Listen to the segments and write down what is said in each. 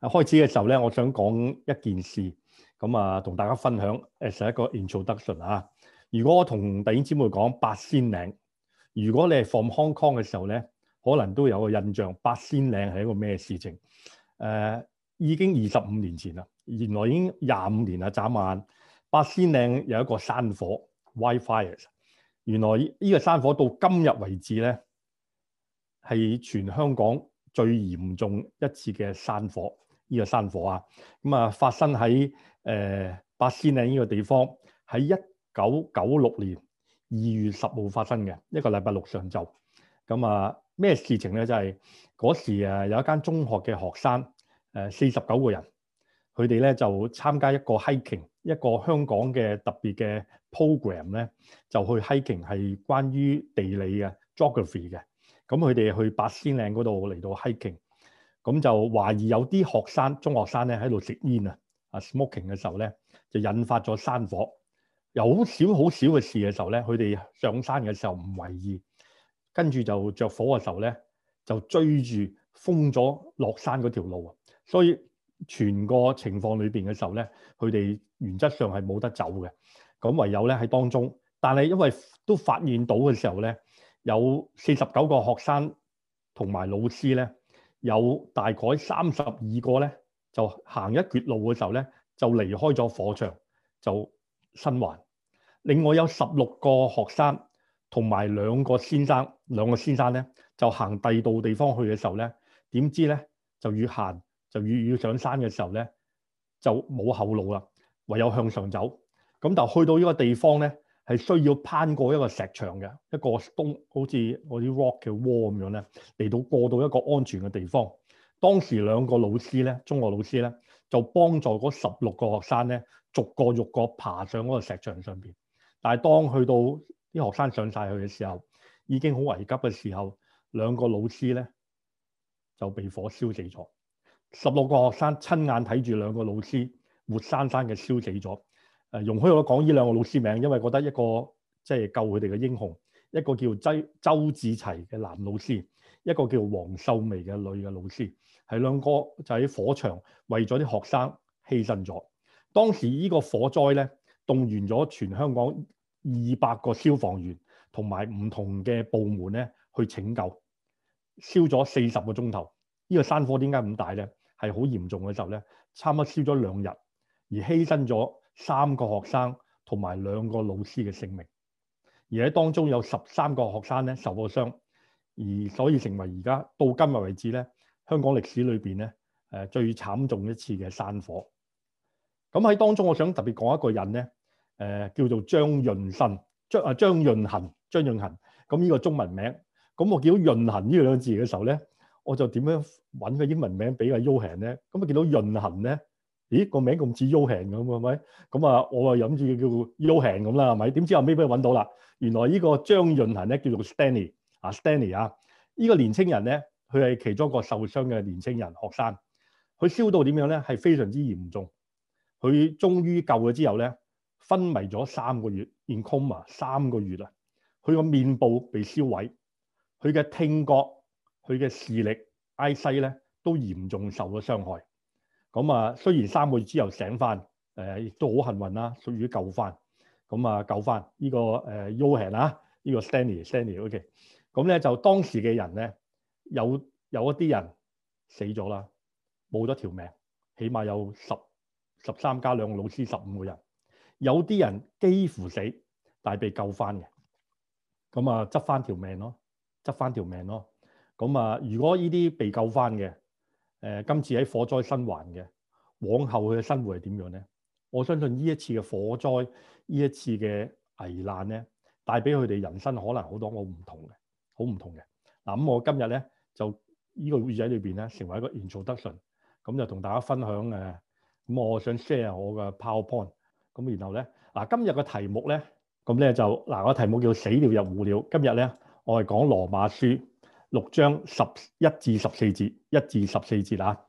啊，開始嘅時候咧，我想講一件事，咁啊，同大家分享，誒，實一個 introduction 嚇、啊。如果我同弟兄姊妹講八仙嶺，如果你係放 Hong Kong 嘅時候咧，可能都有個印象，八仙嶺係一個咩事情？誒、呃，已經二十五年前啦，原來已經廿五年啊，眨眼。八仙嶺有一個山火 wildfires。原來呢個山火到今日為止咧，係全香港最嚴重一次嘅山火。呢個山火啊，咁、嗯、啊發生喺、呃、八仙嶺呢個地方，喺一九九六年二月十號發生嘅一個禮拜六上晝。咁、嗯、啊咩事情咧？就係、是、嗰時、啊、有一間中學嘅學生四十九個人，佢哋咧就參加一個 hiking，一個香港嘅特別嘅 program 咧，就去 hiking 係關於地理嘅 geography 嘅。咁佢哋去八仙嶺嗰度嚟到 hiking。咁就懷疑有啲學生，中學生咧喺度食煙啊，啊 smoking 嘅時候咧，就引發咗山火。有好少好少嘅事嘅時候咧，佢哋上山嘅時候唔為意，跟住就着火嘅時候咧，就追住封咗落山嗰條路啊。所以全個情況裏邊嘅時候咧，佢哋原則上係冇得走嘅。咁唯有咧喺當中，但係因為都發現到嘅時候咧，有四十九個學生同埋老師咧。有大概三十二個咧，就行一截路嘅時候咧，就離開咗火場，就生還。另外有十六個學生同埋兩個先生，兩個先生咧，就行第二度地方去嘅時候咧，點知咧就越行就越要上山嘅時候咧，就冇後路啦，唯有向上走。咁但去到呢個地方咧。係需要攀過一個石牆嘅一個東，好似嗰啲 rock 嘅 wall 咁樣咧，嚟到過到一個安全嘅地方。當時兩個老師咧，中學老師咧，就幫助嗰十六個學生咧，逐個逐個爬上嗰個石牆上邊。但係當去到啲學生上晒去嘅時候，已經好危急嘅時候，兩個老師咧就被火燒死咗。十六個學生親眼睇住兩個老師活生生嘅燒死咗。誒，容許我講呢兩個老師名，因為覺得一個即係救佢哋嘅英雄，一個叫周周志齊嘅男老師，一個叫黃秀眉嘅女嘅老師，係兩個就喺火場為咗啲學生犧牲咗。當時呢個火災咧，動員咗全香港二百個消防員同埋唔同嘅部門咧去拯救，燒咗四十個鐘頭。呢個山火點解咁大咧？係好嚴重嘅時候咧，差唔多燒咗兩日，而犧牲咗三個學生同埋兩個老師嘅性命，而喺當中有十三個學生咧受過傷，而所以成為而家到今日為止咧，香港歷史裏邊咧誒最慘重一次嘅山火。咁喺當中，我想特別講一個人咧，誒、呃、叫做張潤新張啊張潤恆張潤恆，咁呢個中文名，咁我見到「潤恆」呢兩個字嘅時候咧，我就點樣揾個英文名俾阿 Yohan 咧？咁我見到「潤恆」呢咧。咦，個名咁似 Joan 咁，係咪、oh？咁啊，我啊諗住叫 Joan 咁啦，係咪？點知後尾俾佢揾到啦。原來個張潤呢個張潤衡咧叫做 Stanley 啊，Stanley 啊，呢、這個年青人咧，佢係其中一個受傷嘅年青人學生。佢燒到點樣咧？係非常之嚴重。佢終於救咗之後咧，昏迷咗三個月，in coma 三個月啊。佢個面部被燒毀，佢嘅聽覺、佢嘅視力、i 西呢，咧都嚴重受咗傷害。咁啊，雖然三個月之後醒翻，亦都好幸運啦，屬於救翻。咁啊，救翻呢個誒 u h d 啊，呢個 Stanley Stanley OK。咁咧就當時嘅人咧，有有一啲人死咗啦，冇咗條命，起碼有十十三加兩個老師，十五個人。有啲人幾乎死，但係被救翻嘅。咁啊，執翻條命咯，執翻條命咯。咁啊，如果呢啲被救翻嘅。誒，今次喺火災生還嘅，往後佢嘅生活係點樣咧？我相信呢一次嘅火災，呢一次嘅危難咧，帶俾佢哋人生可能好多好唔同嘅，好唔同嘅。嗱、啊、咁，我今日咧就呢個會仔喺裏邊咧，成為一個 introduction，咁、嗯、就同大家分享誒。咁、啊嗯、我想 share 我嘅 PowerPoint，咁、嗯、然後咧，嗱、啊、今日嘅題目咧，咁、嗯、咧就嗱、啊，那個題目叫死了入戶了。今日咧，我係講羅馬書。六章十一至十四節，一至十四節啦、啊。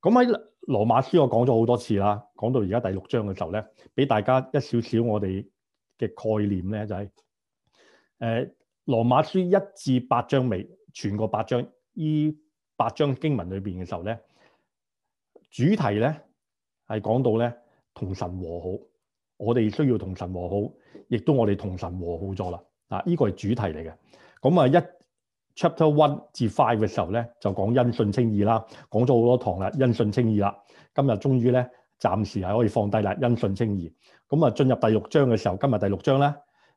咁喺羅馬書我講咗好多次啦，講到而家第六章嘅時候咧，俾大家一少少我哋嘅概念咧，就係、是、誒、呃、羅馬書一至八章尾，全個八章呢八章經文裏邊嘅時候咧，主題咧係講到咧同神和好，我哋需要同神和好，亦都我哋同神和好咗啦。啊，呢個係主題嚟嘅。咁啊一。1 Chapter One 至 Five 嘅時候咧，就講因信稱義啦，講咗好多堂啦，因信稱義啦。今日終於咧，暫時係可以放低啦，因信稱義。咁啊，進入第六章嘅時候，今日第六章咧，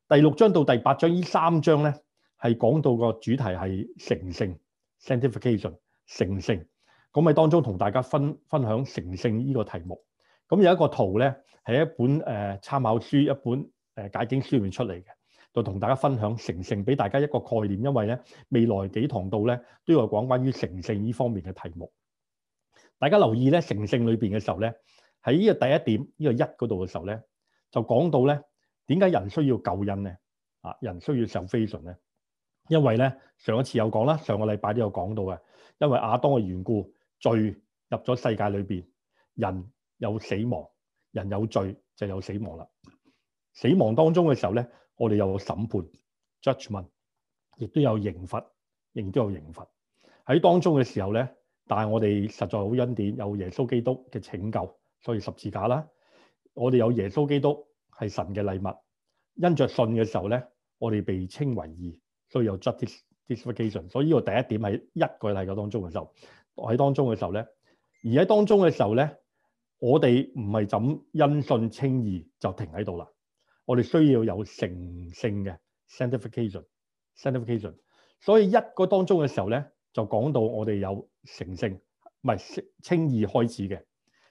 第六章到第八章呢三章咧，係講到個主題係成聖 （sanctification）。成聖，咁啊，當中同大家分分享成聖呢個題目。咁有一個圖咧，係一本誒參、呃、考書一本誒、呃、解經書面出嚟嘅。就同大家分享成聖俾大家一個概念，因為咧未來幾堂到咧都有講關於成聖呢方面嘅題目。大家留意咧，成聖裏邊嘅時候咧，喺呢個第一點，呢、這個一嗰度嘅時候咧，就講到咧點解人需要救恩咧？啊，人需要受非順咧？因為咧上一次有講啦，上個禮拜都有講到嘅，因為亞當嘅緣故，罪入咗世界裏邊，人有死亡，人有罪就有死亡啦。死亡當中嘅時候咧。我哋有審判 judgement，亦都有刑罰，亦都有刑罰喺當中嘅時候咧。但係我哋實在好恩典，有耶穌基督嘅拯救，所以十字架啦。我哋有耶穌基督係神嘅禮物，因着信嘅時候咧，我哋被稱為義，所以有 judgement justification。所以呢個第一點喺一個禮拜當中嘅時候，喺當中嘅時候咧，而喺當中嘅時候咧，我哋唔係噉因信稱義就停喺度啦。我哋需要有成聖嘅 sanctification，sanctification。所以一個當中嘅時候咧，就講到我哋有成聖，唔係清義開始嘅。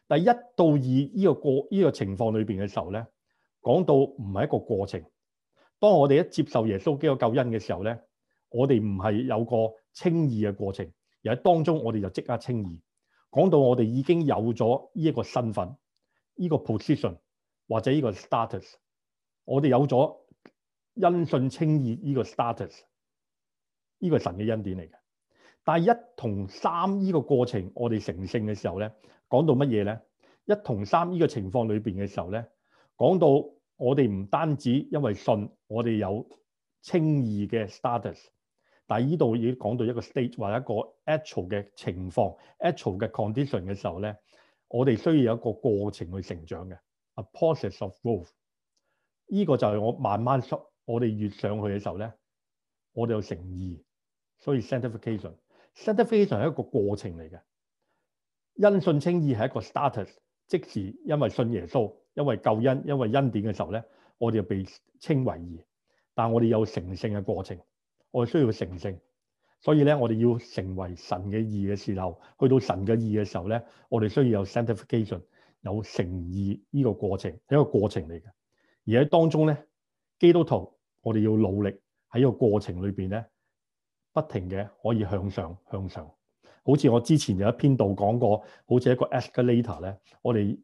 第一到二呢個過呢、這個情況裏邊嘅時候咧，講到唔係一個過程。當我哋一接受耶穌基督救恩嘅時候咧，我哋唔係有個清義嘅過程，而喺當中我哋就即刻清義。講到我哋已經有咗呢一個身份，呢、這個 position 或者呢個 status。我哋有咗因信稱義呢個 status，呢個係神嘅恩典嚟嘅。但係一同三呢個過程，我哋成聖嘅時候咧，講到乜嘢咧？一同三呢個情況裏邊嘅時候咧，講到我哋唔單止因為信，我哋有稱義嘅 status，但係呢度已經講到一個 state 或者一個 actual 嘅情況，actual 嘅 condition 嘅時候咧，我哋需要有一個過程去成長嘅，a process of growth。呢個就係我慢慢熟，我哋越上去嘅時候咧，我哋有誠意，所以 sanctification sanctification 係一個過程嚟嘅。因信稱義係一個 status，即是因為信耶穌，因為救恩，因為恩典嘅時候咧，我哋就被稱為義。但我哋有成聖嘅過程，我哋需要成聖，所以咧我哋要成為神嘅義嘅時候，去到神嘅義嘅時候咧，我哋需要有 sanctification，有誠意呢個過程係一個過程嚟嘅。而喺當中咧，基督徒，我哋要努力喺個過程裏邊咧，不停嘅可以向上向上。好似我之前有一篇道講過，好似一個 escalator 咧，我哋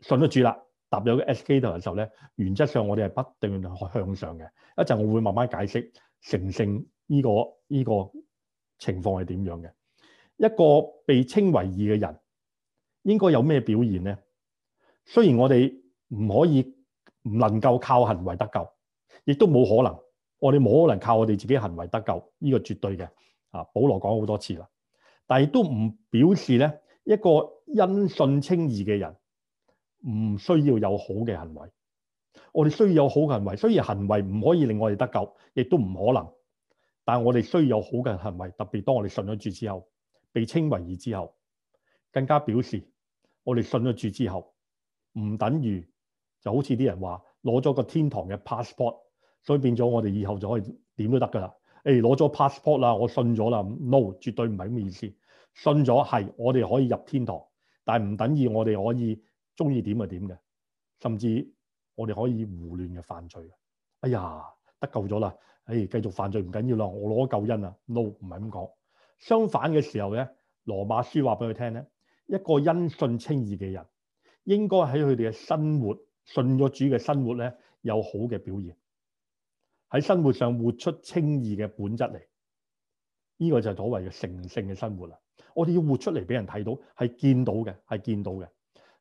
信得住啦，踏入一個 escalator 嘅時候咧，原則上我哋係不斷向上嘅。一陣我會慢慢解釋成聖呢、呢個呢、呢個情況係點樣嘅。一個被稱為義嘅人應該有咩表現咧？雖然我哋唔可以。唔能夠靠行為得救，亦都冇可能。我哋冇可能靠我哋自己行為得救，呢個絕對嘅。啊，保羅講好多次啦。但亦都唔表示咧，一個因信稱義嘅人唔需要有好嘅行為。我哋需要有好嘅行為，雖然行為唔可以令我哋得救，亦都唔可能。但係我哋需要有好嘅行為，特別當我哋信咗主之後，被稱為義之後，更加表示我哋信咗主之後唔等於。就好似啲人話攞咗個天堂嘅 passport，所以變咗我哋以後就可以點都得噶啦。誒，攞咗 passport 啦，我信咗啦。No，絕對唔係咁嘅意思。信咗係我哋可以入天堂，但唔等於我哋可以中意點就點嘅，甚至我哋可以胡亂嘅犯罪。哎呀，得救咗啦，誒、哎、繼續犯罪唔緊要啦，我攞救恩啦。No，唔係咁講。相反嘅時候咧，羅馬書話俾佢聽咧，一個因信稱義嘅人應該喺佢哋嘅生活。信咗主嘅生活咧，有好嘅表現，喺生活上活出清義嘅本質嚟，呢、這個就係所謂嘅成聖嘅生活啦。我哋要活出嚟俾人睇到，係見到嘅，係見到嘅。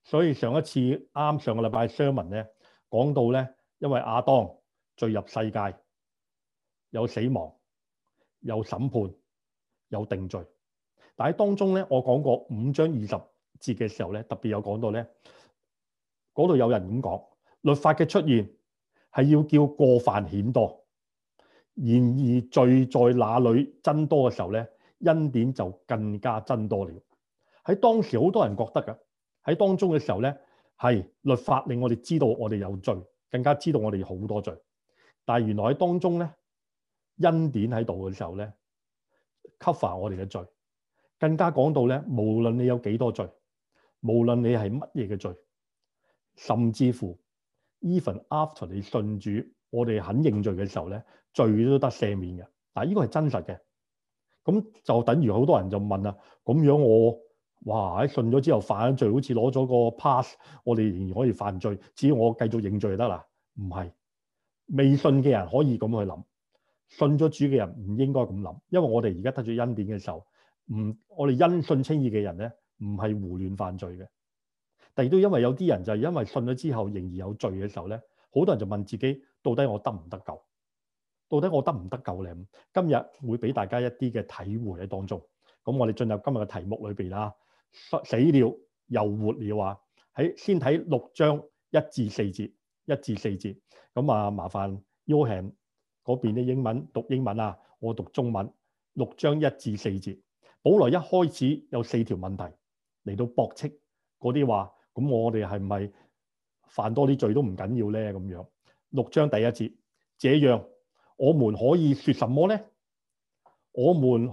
所以上一次啱上個禮拜嘅 sermon 咧，講到咧，因為亞當罪入世界，有死亡，有審判，有定罪。但係當中咧，我講過五章二十節嘅時候咧，特別有講到咧。嗰度有人咁講，律法嘅出現係要叫過犯顯多，然而罪在那裏增多嘅時候咧，恩典就更加增多了。喺當時好多人覺得㗎，喺當中嘅時候咧，係律法令我哋知道我哋有罪，更加知道我哋好多罪。但係原來喺當中咧，恩典喺度嘅時候咧，cover 我哋嘅罪，更加講到咧，無論你有幾多罪，無論你係乜嘢嘅罪。甚至乎，even after 你信主，我哋肯認罪嘅時候咧，罪都得赦免嘅。嗱，呢個係真實嘅。咁就等於好多人就問啦，咁樣我哇喺信咗之後犯咗罪，好似攞咗個 pass，我哋仍然可以犯罪，只要我繼續認罪就得啦。唔係，未信嘅人可以咁去諗，信咗主嘅人唔應該咁諗，因為我哋而家得咗恩典嘅時候，唔我哋因信稱義嘅人咧，唔係胡亂犯罪嘅。第二都因為有啲人就係因為信咗之後仍然有罪嘅時候咧，好多人就問自己到底我得唔得救？到底我得唔得救咧？今日會俾大家一啲嘅體會喺當中。咁我哋進入今日嘅題目裏面啦。死了又活了啊！喺先睇六章一至四節，一至四節。咁啊，麻煩 Yohan 嗰邊啲英文讀英文啊，我讀中文。六章一至四節，保羅一開始有四條問題嚟到駁斥嗰啲話。咁我哋係咪犯多啲罪都唔緊要咧？咁樣六章第一節，這樣我們可以説什麼咧？我們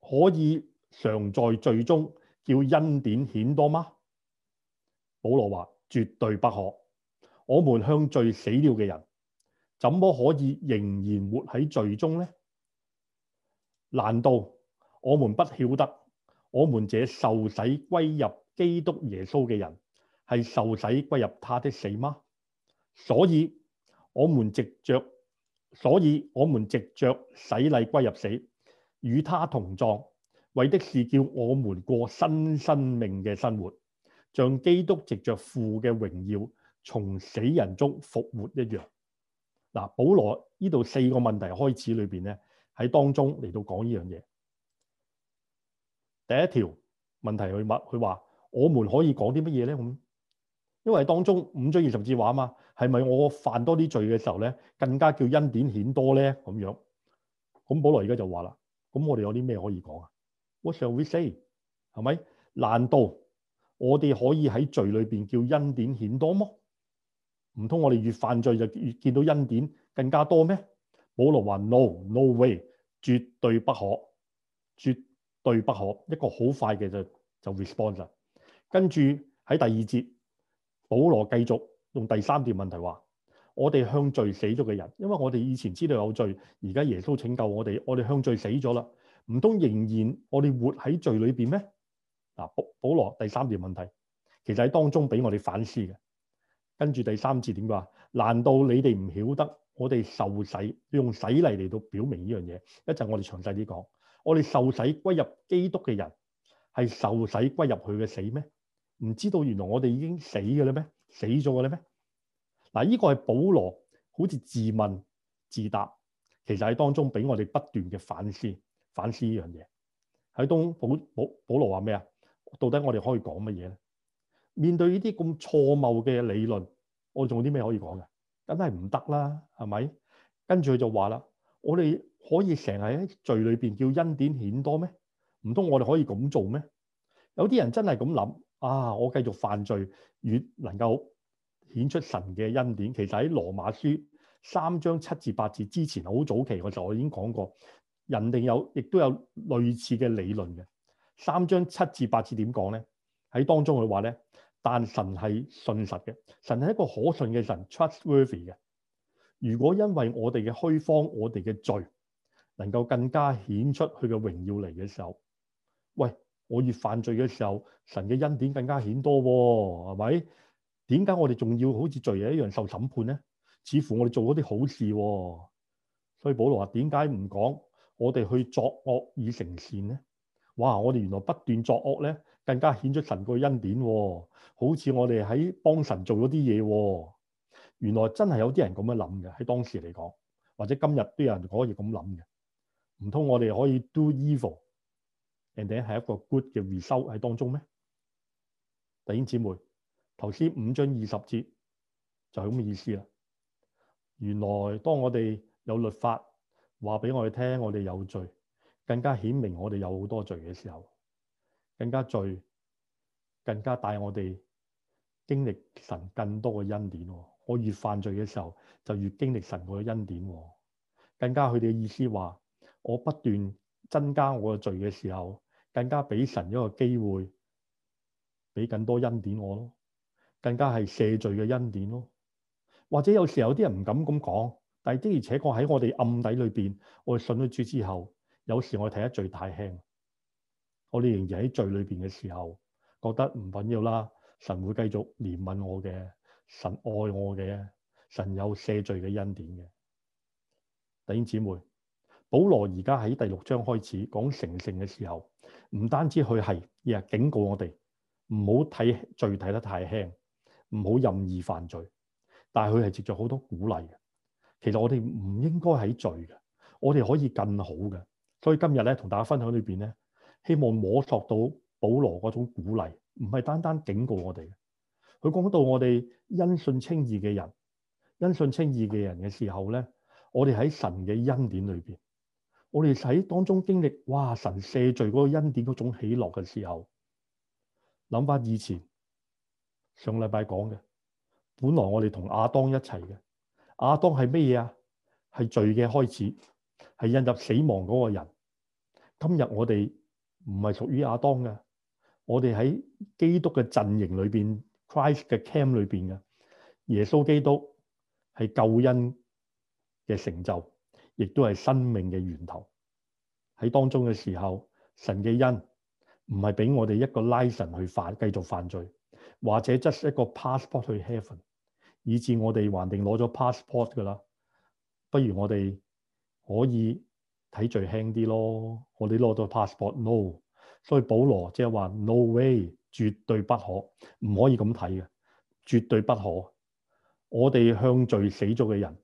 可以常在罪中叫恩典顯多嗎？保羅話：絕對不可。我們向罪死了嘅人，怎麼可以仍然活喺罪中咧？難道我們不曉得我們這受洗歸入基督耶穌嘅人？係受洗歸入他的死嗎？所以我們藉着，所以我們藉着洗禮歸入死，與他同葬，為的是叫我們過新生命嘅生活，像基督藉着父嘅榮耀從死人中復活一樣。嗱，保羅呢度四個問題開始裏邊咧，喺當中嚟到講呢樣嘢。第一條問題佢問佢話：我們可以講啲乜嘢咧咁？因為當中五章二十字話嘛，係咪我犯多啲罪嘅時候咧，更加叫恩典顯多咧咁樣？咁保羅而家就話啦，咁我哋有啲咩可以講啊？What shall we say？係咪難道我哋可以喺罪裏邊叫恩典顯多麼？唔通我哋越犯罪就越見到恩典更加多咩？保羅話：No，No way，絕對不可，絕對不可。一個好快嘅就就 response 啦。跟住喺第二節。保羅繼續用第三條問題話，我哋向罪死咗嘅人，因為我哋以前知道有罪，而家耶穌拯救我哋，我哋向罪死咗啦，唔通仍然我哋活喺罪裏邊咩？嗱，保保羅第三條問題，其實喺當中俾我哋反思嘅。跟住第三節點話？難道你哋唔曉得我哋受洗用洗禮嚟到表明呢樣嘢？一陣我哋詳細啲講，我哋受洗歸入基督嘅人係受洗歸入佢嘅死咩？唔知道，原來我哋已經死嘅啦咩？死咗嘅啦咩？嗱、這個，呢個係保羅好似自問自答，其實喺當中俾我哋不斷嘅反思，反思呢樣嘢。喺當保保保羅話咩啊？到底我哋可以講乜嘢咧？面對呢啲咁錯謬嘅理論，我仲有啲咩可以講嘅？梗係唔得啦，係咪？跟住佢就話啦，我哋可以成日喺罪裏面叫恩典顯多咩？唔通我哋可以咁做咩？有啲人真係咁諗。啊！我繼續犯罪，越能夠顯出神嘅恩典。其實喺羅馬書三章七至八字之前，好早期嘅時候我已經講過，人定有亦都有類似嘅理論嘅。三章七至八字點講咧？喺當中佢話咧，但神係信實嘅，神係一個可信嘅神，trustworthy 嘅。如果因為我哋嘅虛謊，我哋嘅罪，能夠更加顯出佢嘅榮耀嚟嘅時候，喂。我越犯罪嘅時候，神嘅恩典更加顯多喎，係咪？點解我哋仲要好似罪人一樣受審判呢？似乎我哋做咗啲好事喎，所以保羅話：點解唔講我哋去作惡以成善呢？哇！我哋原來不斷作惡咧，更加顯出神個恩典喎，好似我哋喺幫神做咗啲嘢。原來真係有啲人咁樣諗嘅，喺當時嚟講，或者今日啲人可以咁諗嘅。唔通我哋可以 do evil？人哋係一個 good 嘅 result 喺當中咩？弟兄姊妹，頭先五章二十節就係咁嘅意思啦。原來當我哋有律法話俾我哋聽，我哋有罪，更加顯明我哋有好多罪嘅時候，更加罪，更加帶我哋經歷神更多嘅恩典。我越犯罪嘅時候，就越經歷神嘅恩典。更加佢哋嘅意思話，我不斷增加我嘅罪嘅時候。更加俾神一個機會，俾更多恩典我咯，更加係赦罪嘅恩典咯。或者有時候有啲人唔敢咁講，但係的而且確喺我哋暗底裏面，我哋信咗主之後，有時我哋睇得罪太輕，我哋仍然喺罪裏面嘅時候，覺得唔緊要啦。神會繼續憐憫我嘅，神愛我嘅，神有赦罪嘅恩典嘅。弟兄姊妹。保羅而家喺第六章開始講成聖嘅時候，唔單止佢係日日警告我哋唔好睇罪睇得太輕，唔好任意犯罪，但係佢係接咗好多鼓勵嘅。其實我哋唔應該喺罪嘅，我哋可以更好嘅。所以今日咧同大家分享裏邊咧，希望摸索到保羅嗰種鼓勵，唔係單單警告我哋嘅。佢講到我哋因信稱義嘅人，因信稱義嘅人嘅時候咧，我哋喺神嘅恩典裏邊。我哋喺當中經歷，哇！神赦罪嗰個恩典嗰種喜樂嘅時候，諗翻以前上禮拜講嘅，本來我哋同亞當一齊嘅，亞當係乜嘢啊？係罪嘅開始，係引入死亡嗰個人。今日我哋唔係屬於亞當嘅，我哋喺基督嘅陣營裏面 Christ 嘅 camp 裏邊嘅，耶穌基督係救恩嘅成就。亦都係生命嘅源頭，喺當中嘅時候，神嘅恩唔係俾我哋一個 license 去犯繼續犯罪，或者執一個 passport 去 heaven，以至我哋還定攞咗 passport 噶啦，不如我哋可以睇罪輕啲咯。我哋攞到 passport，no，所以保羅即係話 no way，絕對不可，唔可以咁睇嘅，絕對不可。我哋向罪死咗嘅人，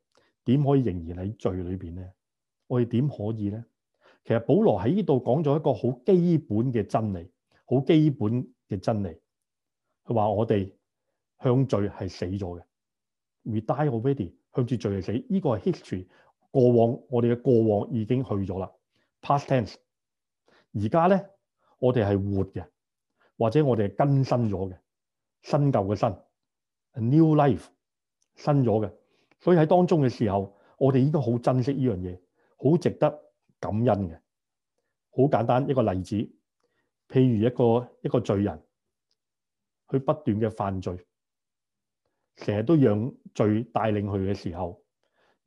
點可以仍然喺罪裏面咧？我哋點可以咧？其實保羅喺呢度講咗一個好基本嘅真理，好基本嘅真理。佢話我哋向罪係死咗嘅，We die already，向住罪係死。呢個係 history 過往，我哋嘅過往已經去咗啦，past tense。而家咧，我哋係活嘅，或者我哋係更新咗嘅，新舊嘅新，a new life，新咗嘅。所以喺當中嘅時候，我哋應該好珍惜呢樣嘢，好值得感恩嘅。好簡單一個例子，譬如一個一個罪人，佢不斷嘅犯罪，成日都讓罪帶領佢嘅時候，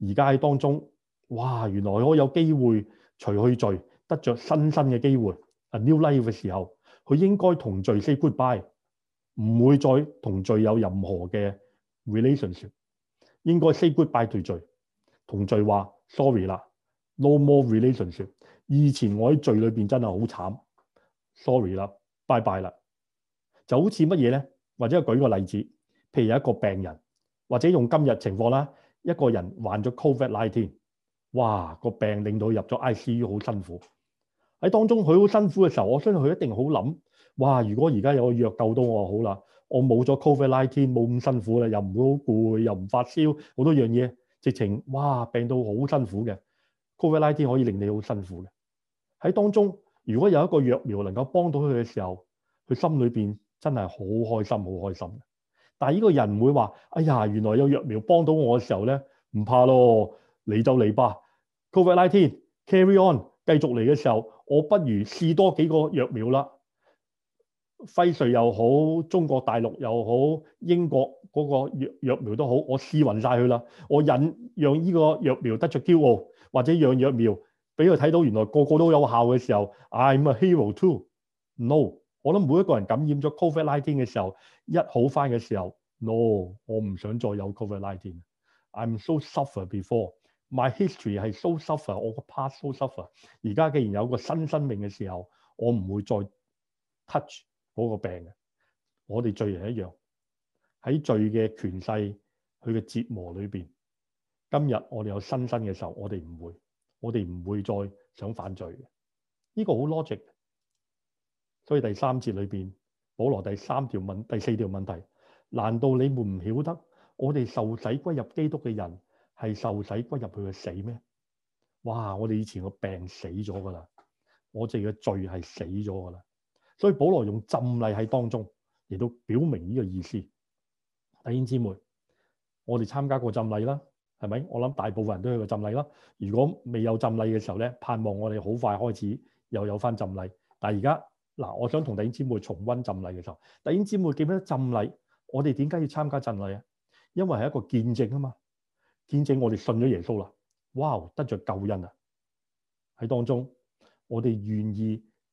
而家喺當中，哇！原來我有機會除去罪，得著新生嘅機會。啊，new life 嘅時候，佢應該同罪 say goodbye，唔會再同罪有任何嘅 relationship。應該 say good bye 對罪，同罪話 sorry 啦，no more relation，說以前我喺罪裏面真係好慘，sorry 啦，bye bye 啦。就好似乜嘢咧？或者舉個例子，譬如有一個病人，或者用今日情況啦，一個人患咗 COVID-19，哇，個病令到入咗 ICU 好辛苦。喺當中佢好辛苦嘅時候，我相信佢一定好諗。哇！如果而家有個藥救到我好了，好啦。我冇咗 Covid nineteen，冇咁辛苦啦，又唔會好攰，又唔發燒，好多樣嘢。直情哇，病到好辛苦嘅 Covid nineteen 可以令你好辛苦嘅。喺當中，如果有一個藥苗能夠幫到佢嘅時候，佢心裏邊真係好開心，好開心。但係呢個人唔會話：哎呀，原來有藥苗幫到我嘅時候咧，唔怕咯，你就嚟吧。Covid nineteen carry on，繼續嚟嘅時候，我不如試多幾個藥苗啦。輝瑞又好，中國大陸又好，英國嗰個藥，藥苗都好，我試勻晒佢啦。我忍讓呢個藥苗得出驕傲，或者讓藥苗俾佢睇到原來個個都有效嘅時候，I'm a hero too。No，我諗每一個人感染咗 Covid 19嘅時候，一好翻嘅時候，no，我唔想再有 Covid 19。I'm so suffer before，my history is so suffer，我個 past so suffer。而家既然有個新生命嘅時候，我唔會再 touch。嗰個病，我哋罪人一樣喺罪嘅權勢佢嘅折磨裏邊。今日我哋有新生嘅時候，我哋唔會，我哋唔會再想犯罪嘅。呢個好 logic。所以第三節裏邊，保羅第三條問第四條問題：難道你們唔曉得我哋受洗歸入基督嘅人係受洗歸入佢嘅死咩？哇！我哋以前個病死咗噶啦，我哋嘅罪係死咗噶啦。所以保羅用浸禮喺當中，亦都表明呢個意思。弟兄姊妹，我哋參加過浸禮啦，係咪？我諗大部分人都去過浸禮啦。如果未有浸禮嘅時候咧，盼望我哋好快開始又有翻浸禮。但係而家嗱，我想同弟兄姊妹重溫浸禮嘅時候，弟兄姊妹記唔記得浸禮？我哋點解要參加浸禮啊？因為係一個見證啊嘛，見證我哋信咗耶穌啦。哇，得着救恩啊！喺當中，我哋願意。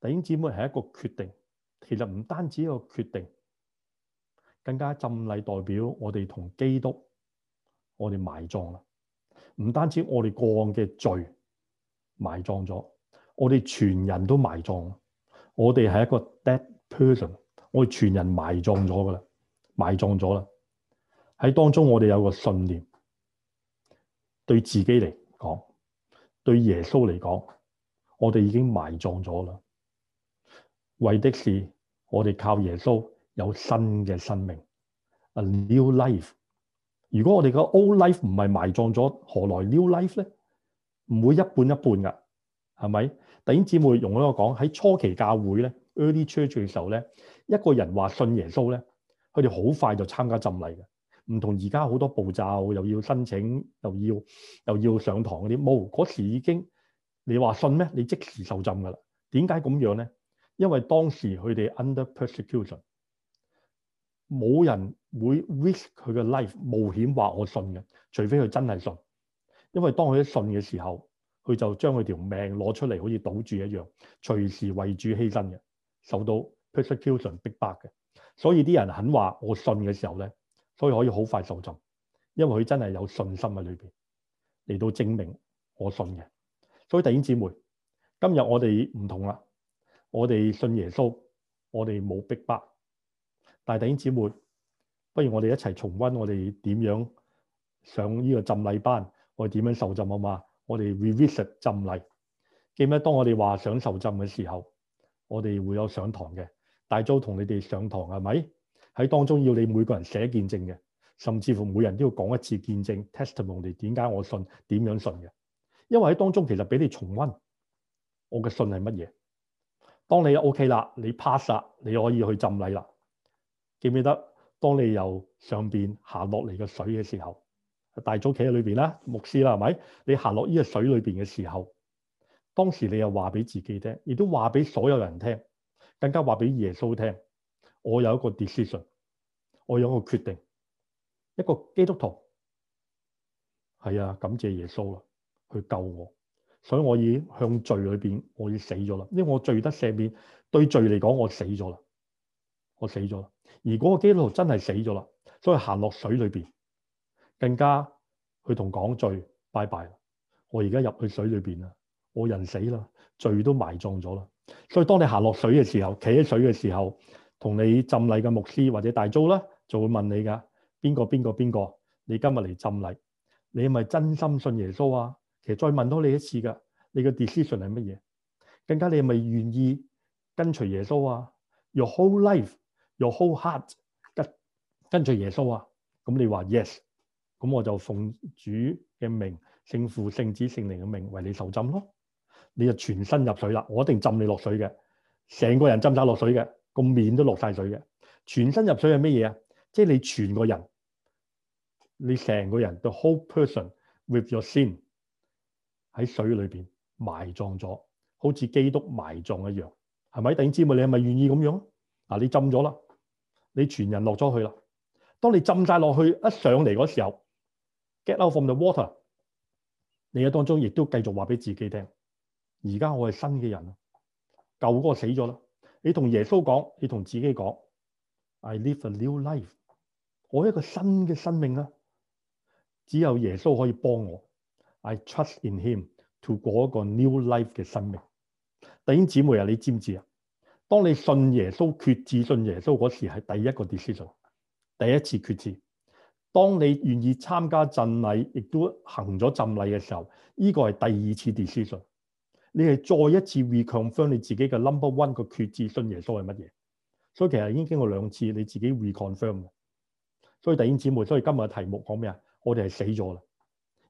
弟兄姊妹係一個決定，其實唔單止一個決定，更加浸禮代表我哋同基督，我哋埋葬啦。唔單止我哋個案嘅罪埋葬咗，我哋全人都埋葬啦。我哋係一個 dead person，我哋全人埋葬咗噶啦，埋葬咗啦。喺當中我哋有個信念，對自己嚟講，對耶穌嚟講，我哋已經埋葬咗啦。為的是我哋靠耶穌有新嘅生命，a new life。如果我哋個 old life 唔係埋葬咗，何來 new life 咧？唔會一半一半噶，係咪？弟兄姊妹用呢個講喺初期教會咧，early church 嘅時候咧，一個人話信耶穌咧，佢哋好快就參加浸禮嘅，唔同而家好多步驟，又要申請又要又要上堂嗰啲，冇嗰時已經你話信咩？你即時受浸噶啦。點解咁樣咧？因為當時佢哋 under persecution，冇人會 risk 佢嘅 life 冒險話我信嘅，除非佢真係信。因為當佢一信嘅時候，佢就將佢條命攞出嚟，好似賭注一樣，隨時為主犧牲嘅，受到 persecution 逼迫嘅。所以啲人肯話我信嘅時候咧，所以可以好快受浸，因為佢真係有信心喺裏邊嚟到證明我信嘅。所以弟兄姊妹，今日我哋唔同啦。我哋信耶穌，我哋冇逼迫。大弟兄姊妹，不如我哋一齊重溫我哋點樣上呢個浸禮班，我哋點樣受浸啊嘛？我哋 revisit 浸禮。記唔記得當我哋話想受浸嘅時候，我哋會有上堂嘅，大組同你哋上堂係咪？喺當中要你每個人寫見證嘅，甚至乎每人都要講一次見證 testimony，點解我信，點樣信嘅？因為喺當中其實俾你重溫我嘅信係乜嘢。當你 OK 啦，你 pass，你可以去浸禮啦，記唔記得？當你由上面行落嚟嘅水嘅時候，大早企喺裏面啦，牧師啦，係咪？你行落呢個水裏面嘅時候，當時你又話俾自己聽，亦都話俾所有人聽，更加話俾耶穌聽，我有一個 decision，我有一個決定，一個基督徒係啊，感謝耶穌啦，去救我。所以我已向罪裏邊，我已經死咗啦。因為我罪得赦免，對罪嚟講，我死咗啦，我死咗啦。而嗰個基督徒真係死咗啦，所以行落水裏邊，更加佢同講罪拜拜啦。我而家入去水裏邊啦，我人死啦，罪都埋葬咗啦。所以當你行落水嘅時候，企喺水嘅時候，同你浸禮嘅牧師或者大租啦，就會問你噶：邊個邊個邊個？你今日嚟浸禮，你係咪真心信耶穌啊？其實再問多你一次㗎，你個 decision 係乜嘢？更加你係咪願意跟隨耶穌啊？Your whole life, your whole heart 跟跟隨耶穌啊？咁、嗯、你話 yes，咁、嗯、我就奉主嘅名，聖父、聖子、聖靈嘅名，為你受浸咯。你就全身入水啦，我一定浸你落水嘅，成個人浸晒落水嘅，個面都落晒水嘅。全身入水係乜嘢啊？即係你全個人，你成個人，the whole person with your sin。喺水裏面埋葬咗，好似基督埋葬一樣，係咪？突然之間，你係咪願意咁樣？嗱，你浸咗啦，你全人落咗去啦。當你浸晒落去一上嚟嗰時候，get out from the water，你喺當中亦都繼續話俾自己聽：而家我係新嘅人啦，舊個死咗啦。你同耶穌講，你同自己講，I live a new life，我一個新嘅生命啊！只有耶穌可以幫我。I trust in him to 過一個 new life 嘅生命。弟兄姊妹啊，你知唔知啊？當你信耶穌、決志信耶穌嗰時，係第一個 decision，第一次決志。當你願意參加浸禮，亦都行咗浸禮嘅時候，呢個係第二次 decision。你係再一次 reconfirm 你自己嘅 number one 個決志信耶穌係乜嘢？所以其實已經經過兩次你自己 reconfirm 嘅。所以弟兄姊妹，所以今日嘅題目講咩啊？我哋係死咗啦。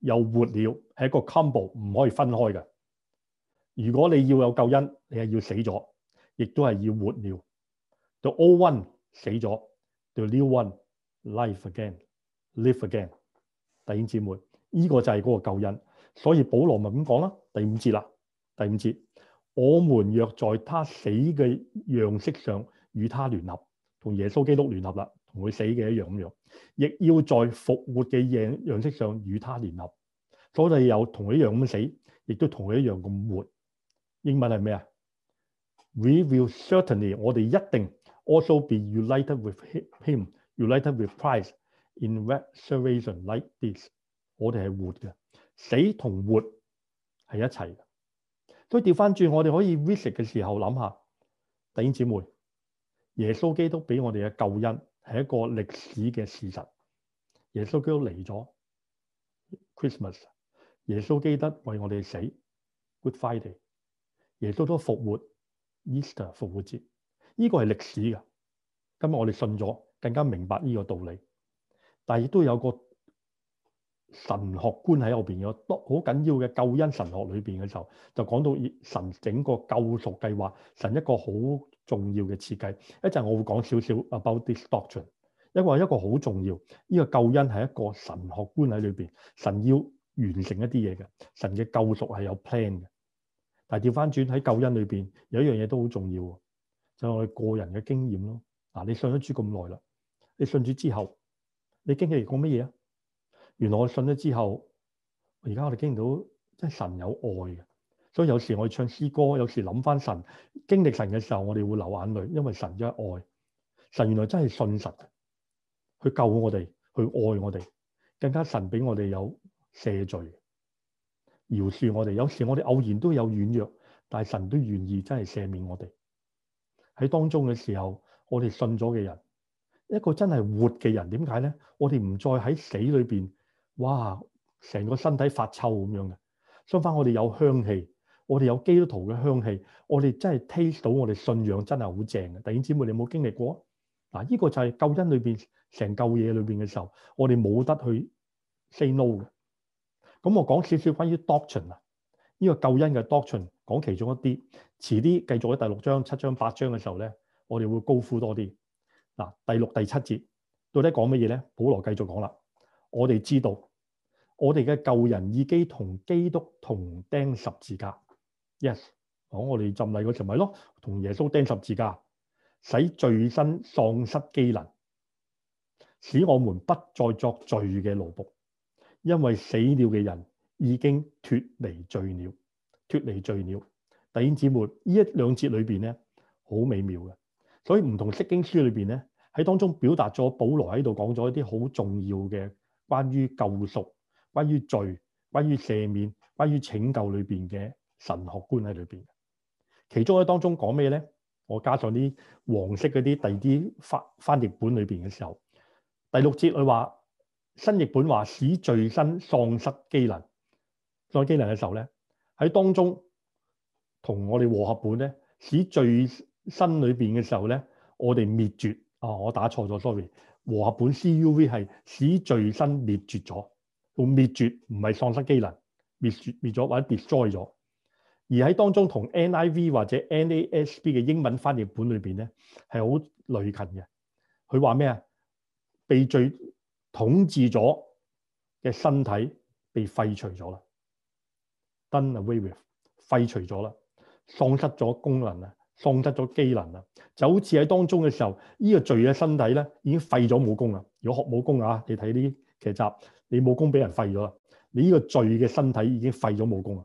又活了係一個 combo，唔可以分開嘅。如果你要有救恩，你係要死咗，亦都係要活了。The old one 死咗，the new one life again，live again。弟兄姊妹，呢個就係嗰個救恩。所以保羅咪咁講啦，第五節啦，第五節，我們若在他死嘅樣式上與他聯合，同耶穌基督聯合啦，同佢死嘅一樣咁樣。亦要在復活嘅樣式上與他聯合，所以有同一樣咁死，亦都同一樣咁活。英文係咩啊？We will certainly 我哋一定 also be united with him, united with Christ in resurrection like this。我哋係活嘅，死同活係一齊。所以調翻轉，我哋可以 visit 嘅時候諗下，弟兄姊妹，耶穌基督俾我哋嘅救恩。係一個歷史嘅事實。耶穌基督嚟咗 Christmas，耶穌基督為我哋死 Good Friday，耶穌都復活 Easter 復活節。呢、這個係歷史嘅。今日我哋信咗，更加明白呢個道理。但係亦都有個神學觀喺後邊有多好緊要嘅救恩神學裏邊嘅時候，就講到神整個救贖計劃，神一個好。重要嘅設計，一陣我會講少少 about 啊，包括啲 doctrine，因為一個好重要，呢個救恩係一個神學觀喺裏邊，神要完成一啲嘢嘅，神嘅救贖係有 plan 嘅。但係調翻轉喺救恩裏邊，有一樣嘢都好重要，就係我哋個人嘅經驗咯。嗱，你信咗主咁耐啦，你信主之後，你經歷過乜嘢啊？原來我信咗之後，而家我哋唔到真係神有愛嘅。所以有時我哋唱詩歌，有時諗返神經歷神嘅時候，我哋會流眼淚，因為神就係愛。神原來真係信神，去救我哋，去愛我哋，更加神俾我哋有赦罪、饒恕我哋。有時我哋偶然都有軟弱，但係神都願意真係赦免我哋。喺當中嘅時候，我哋信咗嘅人，一個真係活嘅人，點解咧？我哋唔再喺死裏面，哇！成個身體發臭咁樣嘅，相反我哋有香氣。我哋有基督徒嘅香氣，我哋真係 taste 到我哋信仰真係好正嘅。弟兄姊，姊妹，你有冇經歷過嗱？呢、這個就係救恩裏面成嚿嘢裏面嘅時候，我哋冇得去 say no 嘅。咁我講少少關於 doctrine 啊，呢、這個救恩嘅 doctrine 講其中一啲，遲啲繼續喺第六章、七章、八章嘅時候咧，我哋會高呼多啲嗱。第六、第七節到底講乜嘢咧？保羅繼續講啦。我哋知道我哋嘅舊人已經同基督同釘十字架。yes，講我哋浸禮嗰就咪咯，同耶穌釘十字架，使罪身喪失機能，使我們不再作罪嘅奴僕。因為死了嘅人已經脫離罪了，脫離罪了。弟兄姊妹，這一兩節面呢一兩節裏邊咧好美妙嘅，所以唔同釋經書裏邊咧喺當中表達咗保羅喺度講咗一啲好重要嘅關於救贖、關於罪、關於赦免、關於拯救裏邊嘅。神學觀喺裏邊，其中喺當中講咩咧？我加上啲黃色嗰啲第二啲翻翻譯本裏邊嘅時候，第六節佢話新譯本話，使罪身喪失機能，喪失機能嘅時候咧喺當中同我哋和合本咧使罪身裏邊嘅時候咧，我哋滅絕啊！我打錯咗，sorry。和合本 C.U.V 係使罪身滅絕咗，叫滅絕，唔係喪失機能，滅絕滅咗或者 destroy 咗。而喺當中同 NIV 或者 NASB 嘅英文翻譯本裏邊咧，係好類近嘅。佢話咩啊？被罪統治咗嘅身體被廢除咗啦，done away with，廢除咗啦，喪失咗功能啊，喪失咗機能啊，就好似喺當中嘅時候，呢個罪嘅身體咧已經廢咗武功啦。如果學武功啊，你睇呢啲劇集，你武功俾人廢咗啦，你呢個罪嘅身體已經廢咗武功啦。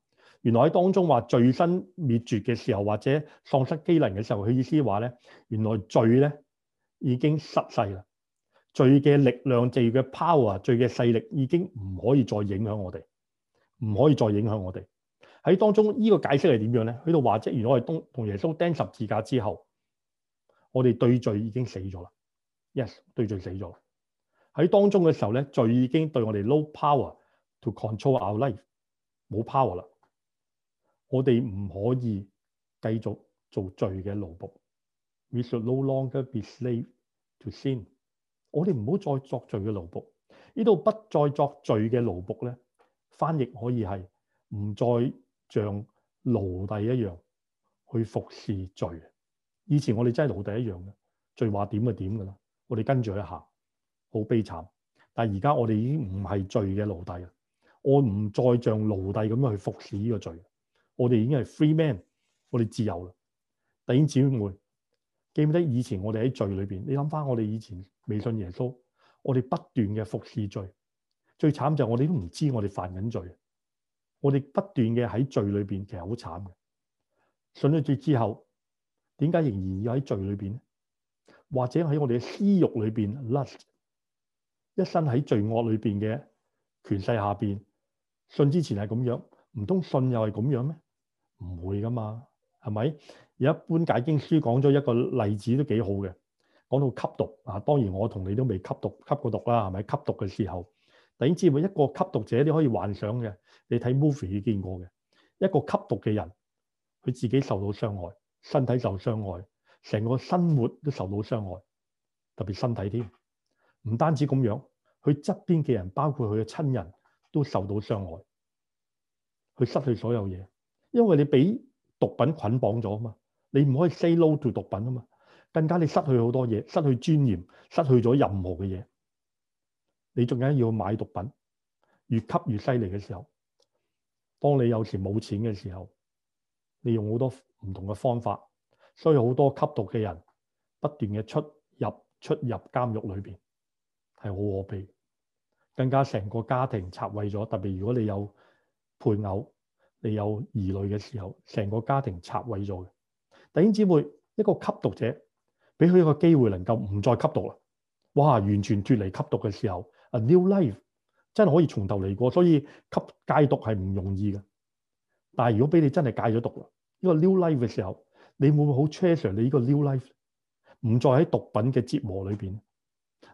原來喺當中話罪身滅絕嘅時候，或者喪失機能嘅時候，佢意思話咧，原來罪咧已經失勢啦。罪嘅力量，罪嘅 power，罪嘅勢力，力已經唔可以再影響我哋，唔可以再影響我哋喺當中。呢個解釋係點樣咧？佢度話即如果我哋同耶穌釘十字架之後，我哋對罪已經死咗啦。Yes，對罪死咗啦，喺當中嘅時候咧，罪已經對我哋 low power to control our life 冇 power 啦。我哋唔可以繼續做罪嘅奴僕。We should no longer be slave to sin。我哋唔好再作罪嘅奴僕。呢度不再作罪嘅奴僕咧，翻譯可以係唔再像奴隸一樣去服侍罪。以前我哋真係奴隸一樣嘅，罪話點就點㗎啦。我哋跟住去行，好悲慘。但係而家我哋已經唔係罪嘅奴隸啦。我唔再像奴隸咁樣去服侍呢個罪。我哋已經係 free man，我哋自由啦。弟兄姊妹，記唔得以前我哋喺罪裏面。你諗翻我哋以前未信耶穌，我哋不斷嘅服侍罪，最慘就係我哋都唔知我哋犯緊罪。我哋不斷嘅喺罪裏面，其實好慘嘅。信咗主之後，點解仍然要喺罪裏面呢？或者喺我哋嘅私欲裏面，lust，一生喺罪惡裏面嘅權勢下面。信之前係咁樣，唔通信又係咁樣咩？唔會噶嘛，係咪？有一本解經書講咗一個例子都幾好嘅，講到吸毒啊。當然我同你都未吸毒，吸過毒啦，係咪？吸毒嘅時候，你知唔知一個吸毒者都可以幻想嘅？你睇 movie 見過嘅，一個吸毒嘅人，佢自己受到傷害，身體受傷害，成個生活都受到傷害，特別身體添。唔單止咁樣，佢側邊嘅人，包括佢嘅親人都受到傷害，佢失去所有嘢。因為你俾毒品捆綁咗嘛，你唔可以 say no to 毒品啊嘛，更加你失去好多嘢，失去尊嚴，失去咗任何嘅嘢，你仲梗要買毒品，越吸越犀利嘅時候，當你有時冇錢嘅時候，你用好多唔同嘅方法，所以好多吸毒嘅人不斷嘅出入出入監獄裏邊，係好可悲，更加成個家庭拆毀咗，特別如果你有配偶。你有疑慮嘅時候，成個家庭拆毀咗嘅。弟兄姊妹，一個吸毒者俾佢一個機會，能夠唔再吸毒啦。哇！完全脫離吸毒嘅時候，啊，new life 真係可以從頭嚟過。所以吸戒毒係唔容易嘅。但係如果俾你真係戒咗毒啦，呢個 new life 嘅時候，你會唔會好 cherish 你呢個 new life？唔再喺毒品嘅折磨裏邊。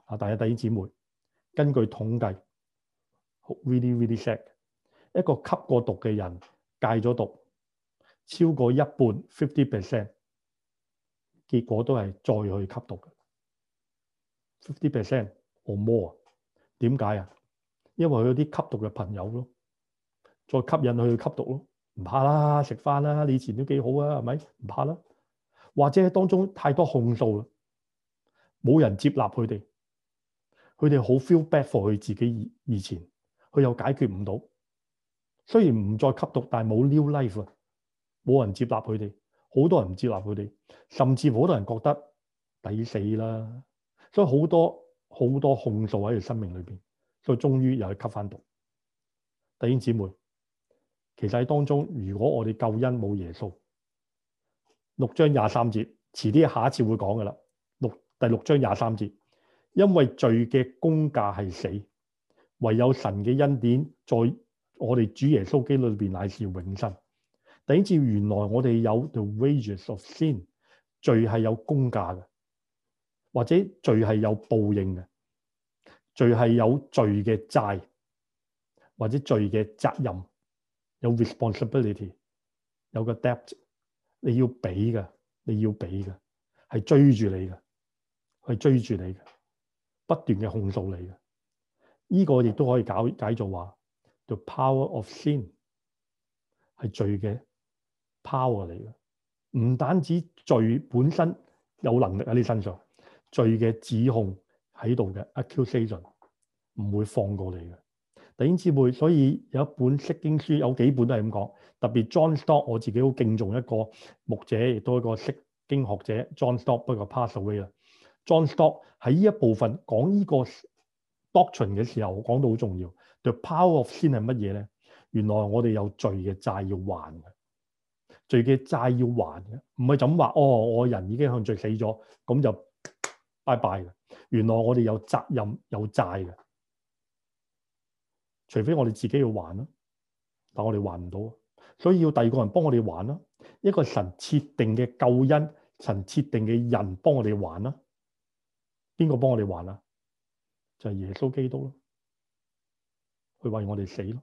啊！但係弟兄姊妹，根據統計，really really sad，一個吸過毒嘅人。戒咗毒，超過一半 （fifty percent），結果都係再去吸毒。fifty percent or more，點解啊？因為佢有啲吸毒嘅朋友咯，再吸引佢去吸毒咯，唔怕啦，食飯啦，你以前都幾好啊，係咪？唔怕啦，或者當中太多控訴啦，冇人接納佢哋，佢哋好 feel bad for 佢自己以前，佢又解決唔到。雖然唔再吸毒，但係冇 new life，冇人接納佢哋，好多人唔接納佢哋，甚至好多人覺得抵死啦，所以好多好多控訴喺佢生命裏邊，所以終於又去吸翻毒。弟兄姊妹，其實喺當中，如果我哋救恩冇耶穌，六章廿三節，遲啲下一次會講噶啦。六第六章廿三節，因為罪嘅工價係死，唯有神嘅恩典在。我哋主耶穌基督裏邊乃是永生。等至原來我哋有 the wages of sin，罪係有工價嘅，或者罪係有報應嘅，罪係有罪嘅債，或者罪嘅責任，有 responsibility，有個 debt，你要俾嘅，你要俾嘅，係追住你嘅，係追住你嘅，不斷嘅控訴你嘅。呢個亦都可以搞解做話。the power of sin 係罪嘅 power 嚟嘅，唔單止罪本身有能力喺你身上，罪嘅指控喺度嘅 accusation 唔會放過你嘅。弟兄姊妹，所以有一本釋經書有幾本都係咁講，特別 John Stott 我自己好敬重一個牧者，亦都係一個釋經學者 John Stott 不過 pass away 啦。John Stott 喺呢一部分講呢個 doctrine 嘅時候，講到好重要。The power of sin 先係乜嘢咧？原來我哋有罪嘅債要還嘅，罪嘅債要還嘅，唔係就咁話哦，我人已經向罪死咗，咁就拜拜嘅。原來我哋有責任有債嘅，除非我哋自己要還囉，但我哋還唔到，所以要第二個人幫我哋還囉，一個神設定嘅救恩，神設定嘅人幫我哋還啦。邊個幫我哋還啊？就係耶穌基督咯。佢為我哋死咯，